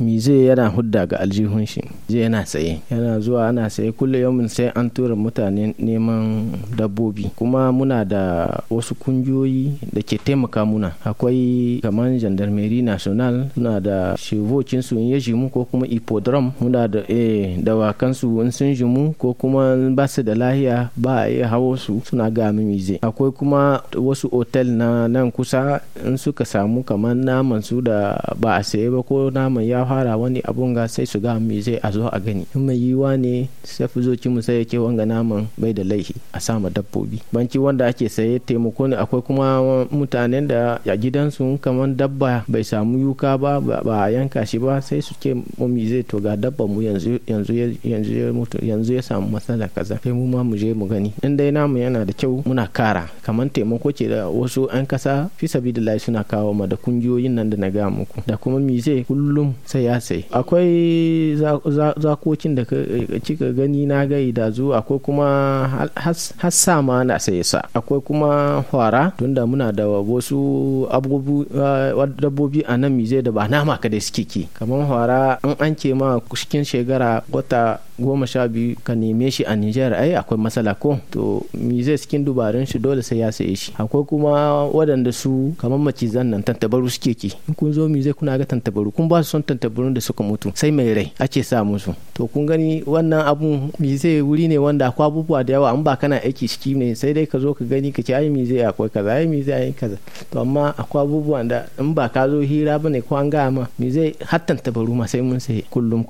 mize yana hudda ga aljihun shi je yana saye yana zuwa ana saye yau mun sai an tura mutane neman dabbobi kuma muna da wasu kungiyoyi da ke taimaka muna akwai kamar gendarmerie national suna da shivokin su in ya ko kuma ipodrom muna da eh dawakan su in sun jimu ko kuma ba su da lahiya ba a iya hawo su suna ga mize akwai kuma wasu otal na nan kusa in suka samu kamar naman su da ba a saye ba ko naman ya ya wani abun ga sai su ga me zai a zo a gani in mai yiwa ne sai fi ci mu sai yake wanga naman bai da laifi a sama dabbobi banki wanda ake saye taimako ne akwai kuma mutanen da a gidansu kamar dabba bai samu yuka ba ba a yanka shi ba sai su ce mami zai to ga dabba mu yanzu ya mutu yanzu ya samu matsala kaza sai mu ma mu je mu gani in dai namu yana da kyau muna kara kamar taimako ce da wasu an kasa fi sabida suna kawo ma da kungiyoyin nan da na ga muku da kuma zai kullum sai ya sai akwai zakokin da kika gani na gai da zu akwai kuma hassa ma na sai sa akwai kuma hwara tunda muna da wasu ah, dabbobi a nan mize da ba nama ka da suke ki kamar hwara an an ma cikin shekara wata goma sha biyu ka neme shi a Nijar ai akwai matsala ko to mi zai cikin dubarun shi dole sai ya saye shi akwai kuma waɗanda su kamar macizan nan tantabaru suke ki kun zo mi zai kuna ga tantabaru kun ba su son tantabarun da suka mutu sai mai rai ake sa musu to kun gani wannan abun mi zai wuri ne wanda akwai abubuwa da yawa an ba kana aiki ciki ne sai dai ka zo ka gani ka ce ai mi zai akwai kaza ai mi zai kaza to amma akwai abubuwa da in ba ka zo hira bane ko an gaya ma mi zai har tantabaru ma sai mun sai kullum